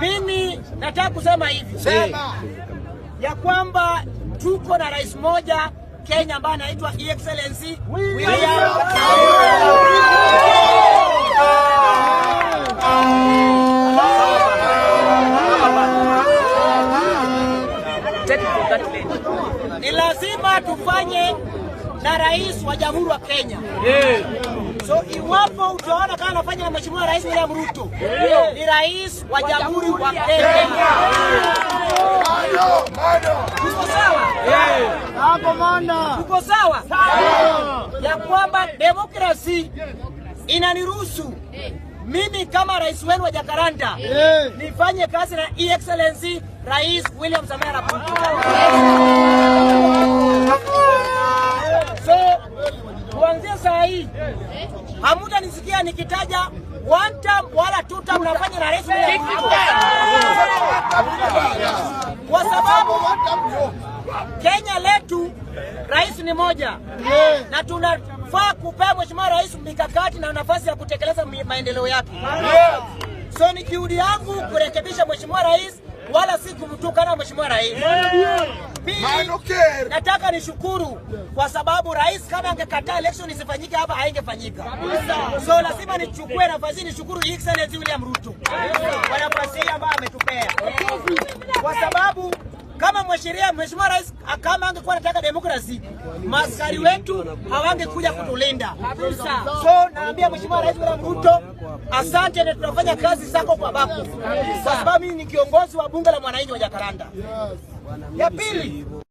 Mimi nataka kusema hivi sema ya kwamba tuko na rais moja Kenya ambaye anaitwa Excellency ni lazima tufanye na rais wa jamhuri wa Kenya So iwapo utaona kama anafanya na mheshimiwa rais William Ruto ni rais wa jamhuri wa Kenya yeah. Tuko sawa yeah. Uko sawa ya kwamba demokrasi inaniruhusu mimi kama rais wenu wa Jakaranda nifanye kazi na e excellency Rais William Samoei Ruto. hamuta nisikia nikitaja one term wala two term, nafanya na rais kwa sababu Kenya letu rais ni moja na tunafaa kupea mheshimiwa rais mikakati na nafasi ya kutekeleza maendeleo yake. So ni juhudi yangu kurekebisha mheshimiwa rais, wala si kumtukana mheshimiwa rais nataka nishukuru kwa sababu rais kama angekataa election isifanyike hapa haingefanyika. So lazima nichukue nafasi hii nishukuru Excellency William Ruto kwa nafasi hii ambayo ametupea, kwa sababu kama mheshiria mheshimiwa rais kama angekuwa anataka demokrasi, maskari wetu hawangekuja kutulinda. So naambia mheshimiwa rais William Ruto, asante, na tunafanya kazi zako kwa bako, kwa sababu mimi ni kiongozi wa bunge la mwananchi wa Jakaranda. Ya pili